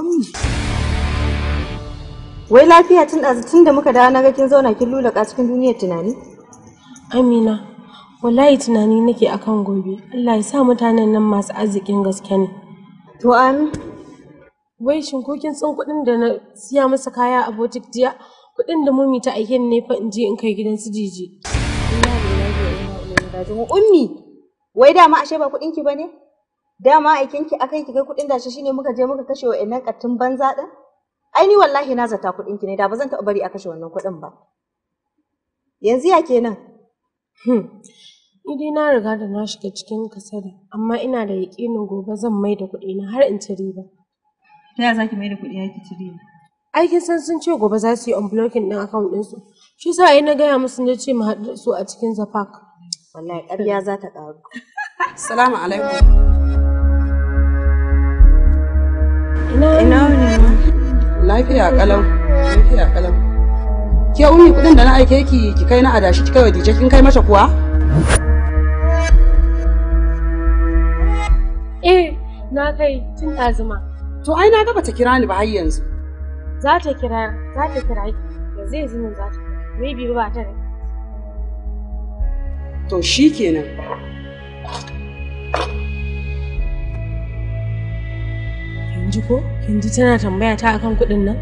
ummi wai lafiya tun da tun da muka dawo na ga kin zauna kin lulaka cikin duniyar tunani amina wallahi tunani nake akan gobe Allah ya sa mutanen nan masu arzikin gaske ne to amin. wai shin ko kin san kuɗin da na siya masa kaya a botik jiya kuɗin da mummy ta aike ne fa in je in kai gidan su jiji ummi wai dama ashe ba kuɗin ki bane dama aikin ki akai ki kai kuɗin dashi shine muka je muka kashe wa'annan kattun banza din ai ni wallahi na zata kuɗin ki ne da ba zan taɓa bari a kashe wannan kuɗin ba yanzu ya kenan hmm. ni na riga da na shiga cikin kasada amma ina da yakinin gobe zan mai da kuɗi na har in ci riba ta yaya zaki mai da kuɗi har ci riba ai kin san sun ce gobe za su yi unblocking din account su shi sa ai na gaya musu na ce mu haɗu da su a cikin zafak wallahi ƙarya za ta ƙaru assalamu alaikum Ina ne ma? Lafiya kalau. Lafiya kalau. Ke umi kuɗin da na aike ki ki kai na adashi ki kai Dije kin kai mata kuwa? Eh, na kai tun azuma. To ai na ga bata kira ni ba har yanzu. Za ta kira, za ta kira ki. Yanzu yanzu mun za ta. Maybe ba ta da. To shikenan. ji ko yanzu tana tambaya ta akan kuɗin nan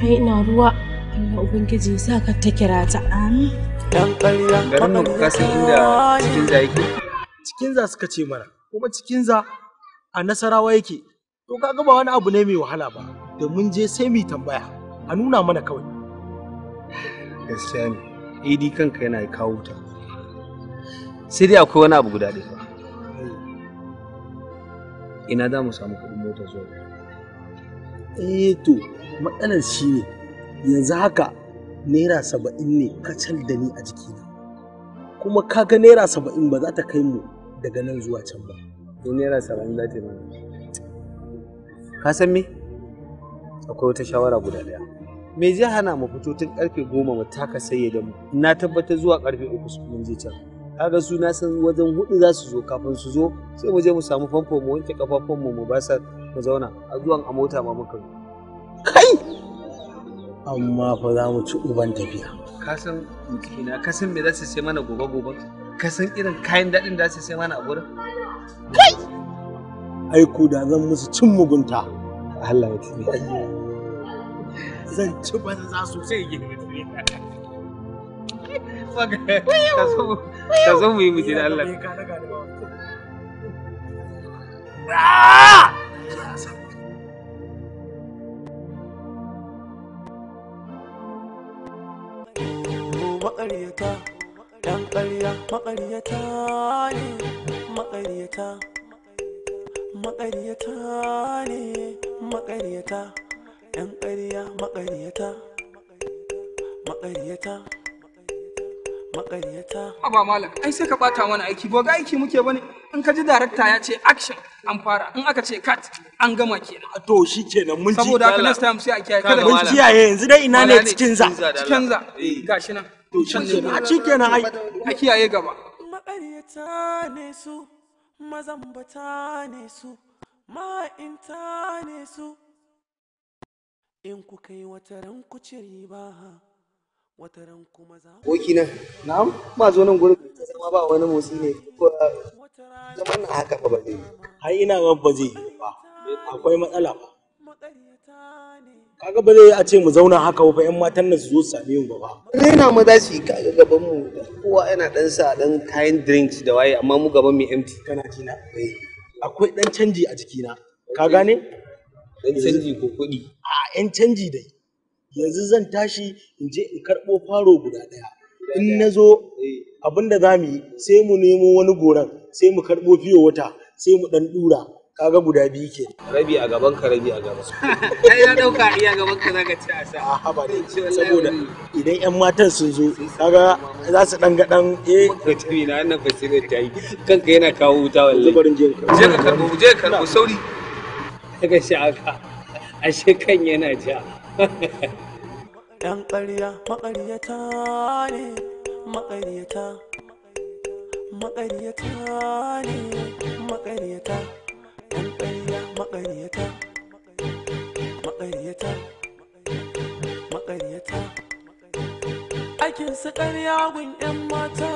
sai ina ruwa Allah ubangiji ya sa ta kira ta amin dan ƙarya garin nan san inda cikin za yake cikin za suka ce mana kuma cikin za a nasarawa yake to kaga ba wani abu ne mai wahala ba da mun je sai mu tambaya a nuna mana kawai gaskiya ne idi kanka yana kawo ta sai dai akwai wani abu guda ɗaya ina za mu samu kuɗin mota zuwa eh to matsalar shi ne yanzu haka naira saba'in ne kacal da ni a jikina kuma kaga naira saba'in ba za ta kai mu daga nan zuwa can ba ko naira saba'in za ta yi ka san me akwai wata shawara guda ɗaya me zai hana mu fito tun karfe goma mu taka sai da mu na tabbatar zuwa karfe uku mun je can kaga su na san wajen hudu za su zo kafin su zo sai mu je mu samu famfo mu wanke kafafun mu mu ba sa mu zauna a zuwan a mota ma muka kai amma fa za mu ci uban tafiya ka san na ka san me za su sai mana gobe gobe ka san irin kayan dadin da su sai mana a gurin kai ai ku da zan musu cin mugunta Allah ya tsare zan ci banza sosai gidi ka zo mu yi Allah maƙaryata ɗan ƙarya maƙaryata ne maƙaryata maƙaryata ne maƙaryata ɗan ƙarya maƙaryata maƙaryata Maƙaryata. Aba malam, ai sai ka bata mana aiki, boga aiki muke bane. In ka ji director ya ce action an fara, in aka ce cut an gama kenan. To shi kenan mun ji. Saboda haka next time sai a kiyaye. Kada mun kiyaye yanzu dai ina ne cikin za. Cikin za. Eh. Gashi nan. To shi kenan. A ci kenan ai. A kiyaye gaba. Maƙaryata ne su, mazambata ne su, ma'inta ne su. In ku kai wata ran ku ci riba. wataran kuma za Abokina, na'am ba zo nan gurin ta zama ba wani motsi ne zaman na haka ba zai har ina ga ba zai ba akwai matsala ba kaga ba zai a ce mu zauna haka ba yan matan nan su zo su same mu ba rena mu za su yi kaga gaban mu kowa yana dan sa dan kayan drinks da waye amma mu gaban mu empty kana ji na akwai dan canji a jikina ka gane dan canji ko kuɗi a yan canji dai yanzu zan tashi in je in karɓo faro guda ɗaya in na zo abin da za mu yi sai mu nemo wani goran sai mu karɓo fiye wata sai mu ɗan ɗura kaga guda biyu ke rabi a gaban ka rabi a gaban su ai ya dauka iya gaban ka zaka ci a sa a ah, haba ne saboda idan yan matan sun zo kaga za su dan ga dan eh ni na wannan basira ta yi kanka yana kawo wuta wallahi barin je ka je ka karbo je ka karbo sauri daga shi aka ashe kan yana ja Ɗan ƙarya maƙaryata ne, maƙaryata, maƙaryata ne, maƙaryata, ɗan ƙarya maƙaryata, maƙaryata, maƙaryata. ƙarya gun ƴan mata,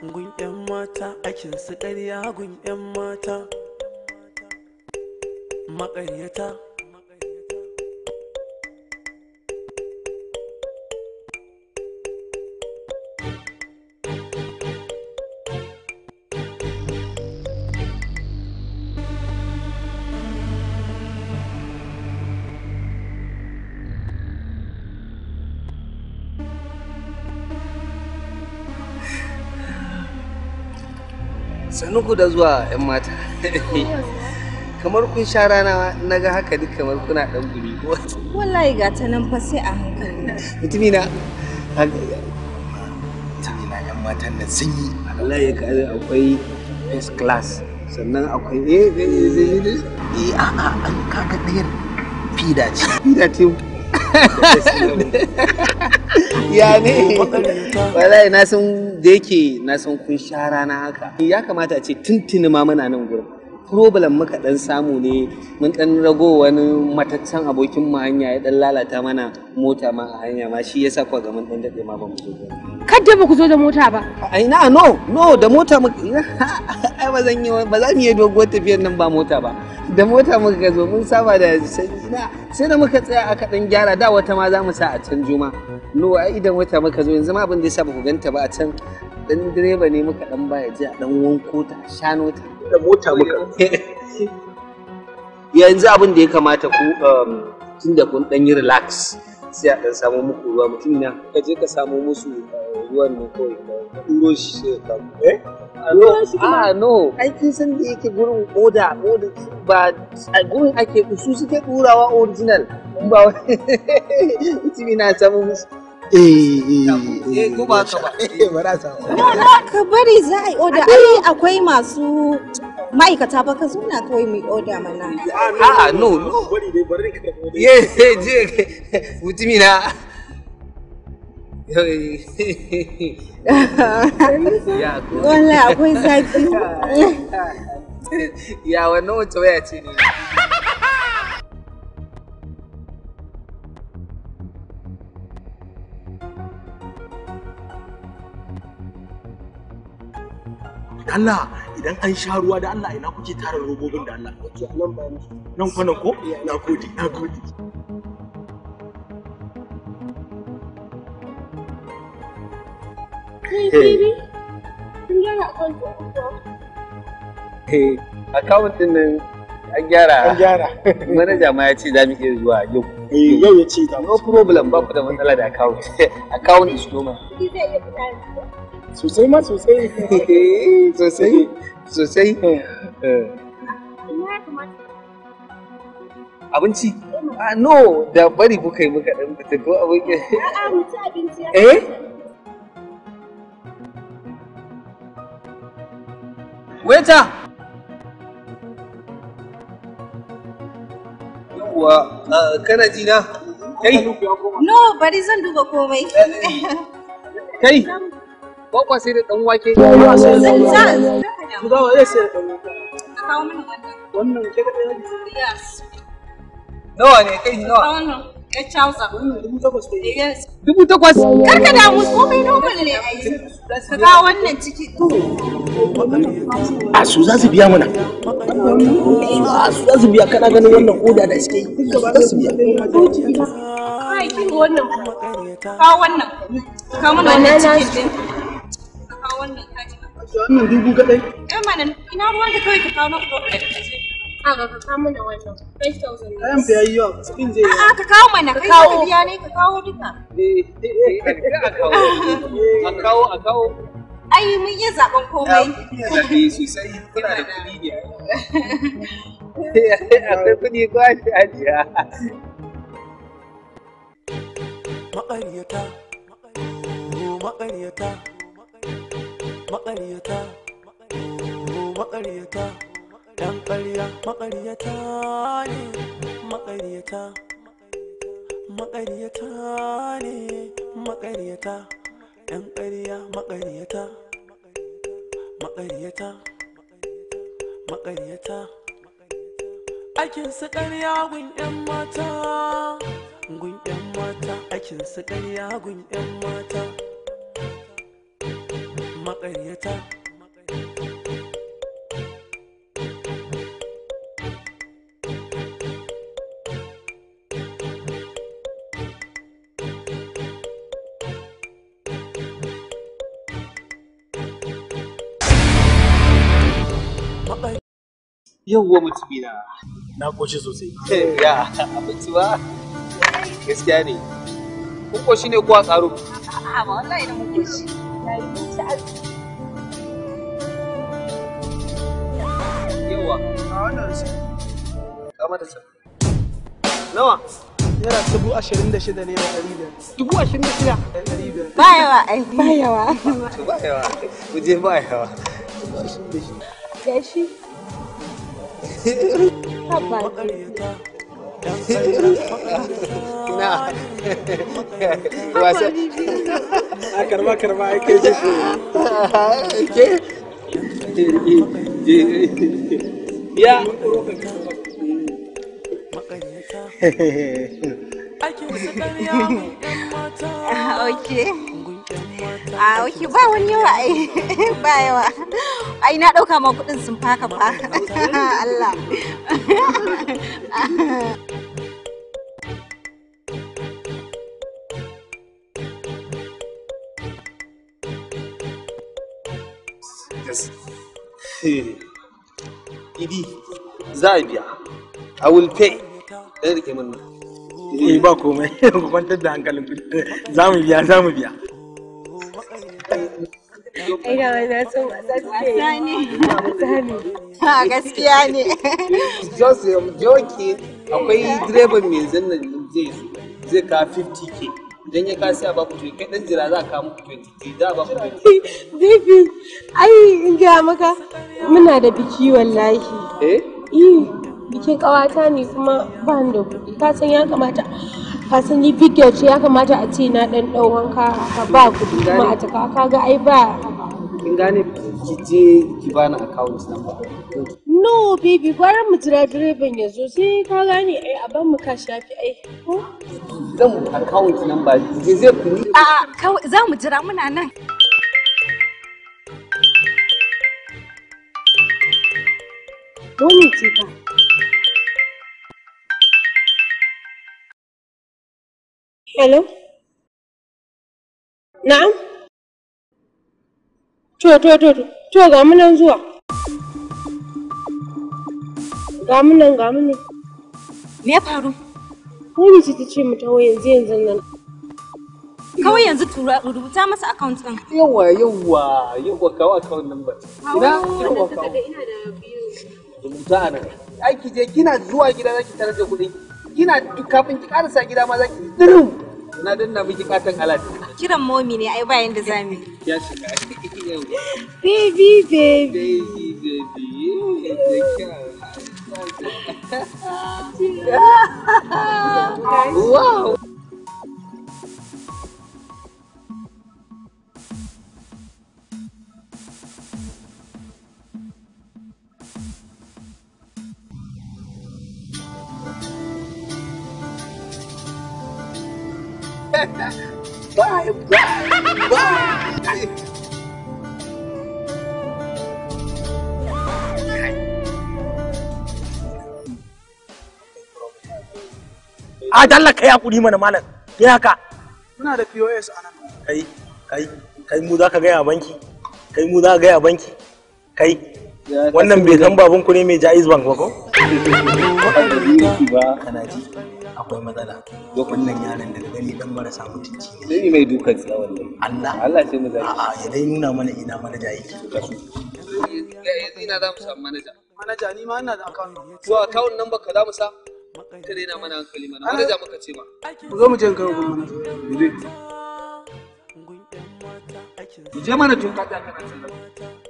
gun ƴan mata, aikinsu ƙarya gun ƴan mata, maƙaryata. sannu ku da zuwa 'yan mata kamar kun sha rana na ga haka duk kamar kuna dan gumi wallahi ga ta nan fa sai a hankali mutumi na mutumi na 'yan matan nan sun yi wallahi ka akwai first class sannan akwai eh eh a a an kaga ɗayan fida ce fida ce ya ne wallahi na san da yake na san kun sha rana haka ya kamata a ce tuntuni ma muna nan gurin problem muka dan samu ne mun dan rago wani mataccen abokin mu hanya ya dan lalata mana mota ma a hanya ma shi yasa kwa ga mun dan dade ma ba mu zo ba kada ba ku zo da mota ba ai na no no da mota mu ai ba zan yi ba za mu yi doguwar tafiyar nan ba mota ba da mota muka ga zo mun saba da sai da muka tsaya aka dan gyara da wata ma za mu sa a can juma no ai idan wata muka zo yanzu ma abin da yasa ba ku ganta ba a can dan direba ne muka dan baya ji a dan wanko ta shano ta da mota muka yanzu abin da ya kamata ku um, tun da kun dan yi relax sai a dan samu muku ruwa mutum na ka je ka samu musu uh, ruwan ne kawai ka duro shi sai ka eh a ah, no aikin san da yake gurin oda oda ba a gurin ake su suke durawa original ba wani mutum na samu musu eh ko eh, eh, eh, ba ka ba bari za a yi oda ai akwai masu ma'aikata ba ka zuna kawai mai oda mana a'a no no ye je mutumi na Wallahi akwai zafi. Ya wannan wacce waya ce ne. Allah idan an sha ruwa da Allah ina kuke tara robobin da Allah nan kwanan ko eh, na gode na gode Hey, baby kun gyara account din eh account din nan an gyara an gyara manaja ma ya ce za mu iya zuwa yau Eh, mm. yau ya ce ta. no problem ba ku da matsala da account account is normal sosai ma sosai sosai sosai eh. abinci eh, a ah, no da bari kuka kai muka dan fita ko abinci eh waiter kuwa ah, kana ji na? Kai? No, bari zan duba komai. Kai? Kwakwa sai da dan wake. Zan zan sai da Kawo wannan. Wannan ke ne kai Eh, dubu takwas. Kar ka damu komai normal ne a Ka ga wannan ciki. A su za su biya mana. A su za su biya kana ganin wannan oda da suke yi. Za su biya. Kai wannan ka wannan ka wannan cikin din. Ka wannan ka ji. Wannan dubu kadai. Eh ina ruwan ka ka kawo na Aga ka kawo mana wannan 5,000. A'a ka kawo mana, ka kawo. biya ne ka kawo duka. Eh, a eh, kawo. Eh, eh, a kawo, a kawo. Ai mun iya zaben komai. sosai, kuna da kuɗi ne. Akwai kuɗi ko a ajiya. Maƙaryata, maƙaryata, maƙaryata, maƙaryata. 'yan ƙarya maƙaryata ne maƙaryata maƙaryata ne maƙaryata ɗan ƙarya maƙaryata maƙaryata maƙaryata akin su ƙarya gun 'yan mata gun 'yan mata akin su ƙarya gun 'yan mata maƙaryata yawwa mutumi na na koshi sosai ya abinci ba gaskiya ne kun koshi ne kuwa tsaro a ba yawwa a wannan sai kama da sai nawa naira dubu ashirin da shida naira ɗari biyar dubu ashirin da shida ba yawa ai ba yawa ba yawa kuje ba yawa podcast. Não. ser ah, caramba, caramba, é que eu Que? Yeah. okay. a ah, wake ba wani yawa ai ba yawa ai na ɗauka ma kuɗin sun faka fa Allah Idi za a biya. I will pay. Ɗaya da ke mun eh, ba komai, kwantar da hankalin Za mu biya, za mu biya. gaskiya ne. akwai direban mai zannan zai zo zai ka 50k. Idan ya kasi a baku kai dan jira za a kawo muku 20 za a baku 20. ai in maka muna da biki wallahi. Eh? bikin kawata ne kuma ba da kuɗi. Ka san ya kamata ka san ni video ce ya kamata a ce na dan dan wanka ka ba kuɗi kuma a taka ka ga ai ba kin gane ki je ki bani account number no baby gwara mu jira direban ya zo sai ka gane ai a ban mu ka shafi ai ko zan account number je zai ku a a za mu jira muna nan Dole ce ka. Hello? Na'am? To, to, to, to, ga mu nan zuwa. Ga mu nan, ga mu nan. Me ya faru? Wani ce ta ce ta taho yanzu yanzu nan. Kawai yanzu tura rubuta masa account ɗin. yawa yawa yawa kawo account number. Ina, yawa kawo. Ina da biyu. Rubuta a nan. Aiki je kina zuwa gida zaki tarar da kuɗi. Kina kafin ki karasa gida ma zaki dirin. Na danna miki katon alad Kiran momi ne ai ba yanda zamu Ya shiga. Baby baby. Baby baby. Wow. bye, bye, bye. A dalla hakuri mana malam. Kai haka. Muna da POS a nan. Kai, kai, kai mu za ka gaya banki. Kai mu za ka gaya banki. Kai, wannan bai san ne mai Jaiz Bank ba ko? Waɗanda kanaji akwai matsala wannan yaran da gani dan marasa mutunci ne sai mai dukan tsawon Allah Allah sai mu zai a'a ya dai nuna mana ina manaja yake ina za mu samu manaja manaja ni ma ina da account to account number ka za mu sa ka daina mana hankali mana manaja muka ce ma ku zo mu je ga gun manaja je mana tun ka ta kana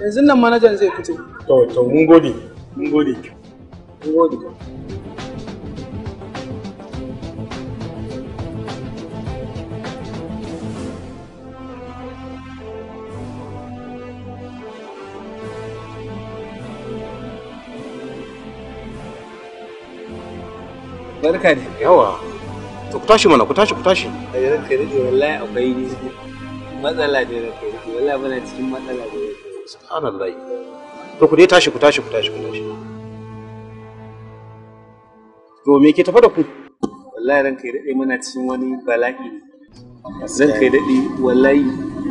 yanzu nan manajan zai fito to to mun gode mun gode mun gode barka ne yawa to ku tashi mana ku tashi ku tashi a yanzu wallahi akwai matsala da kai wallahi muna cikin matsala da subhanallah to ku dai tashi ku tashi ku tashi ku tashi to me ke tafa da ku wallahi ranka ya dade muna cikin wani bala'i zan kai dade wallahi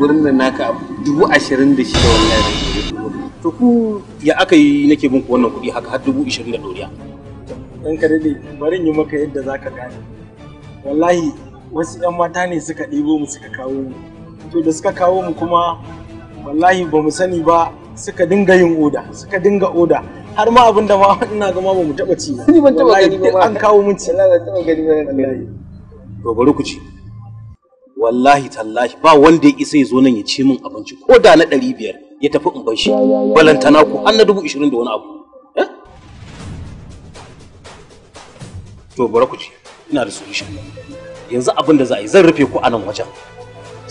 gurin da naka dubu ashirin da shida wallahi to ku ya aka yi nake bin ku wannan kuɗi haka har dubu ashirin da doriya dan ka dade bari yi maka yadda zaka gane wallahi wasu 'yan mata ne suka ɗibo mu suka kawo mu to da suka kawo mu kuma wallahi ba mu sani ba suka dinga yin oda suka dinga oda har ma abin da ma ina ga ma ba mu taba ci ni ban taba gani ba an kawo mun ci wallahi taba gani ba to bari ku ci wallahi tallahi ba wanda ya isa ya zo nan ya ce min abinci ko da na ɗari biyar ya tafi in bar shi balantana ku har na dubu da wani abu eh? to bari ku ci ina da solution yanzu abin da za a yi zan rufe ku a nan wajen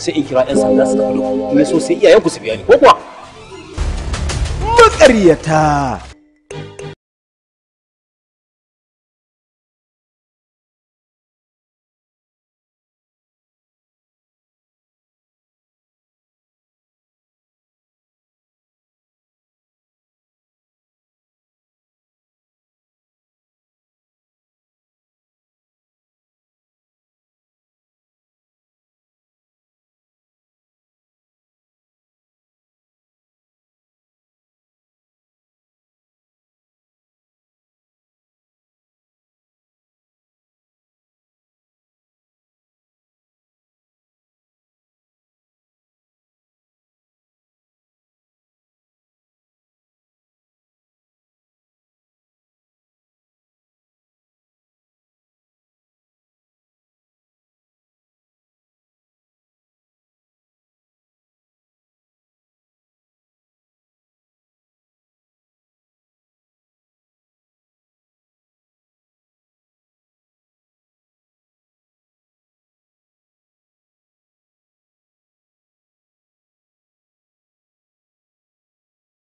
sai in kira 'yan sanda su tafi da in so sai iyayen ku su biya ni ko kuwa maƙaryata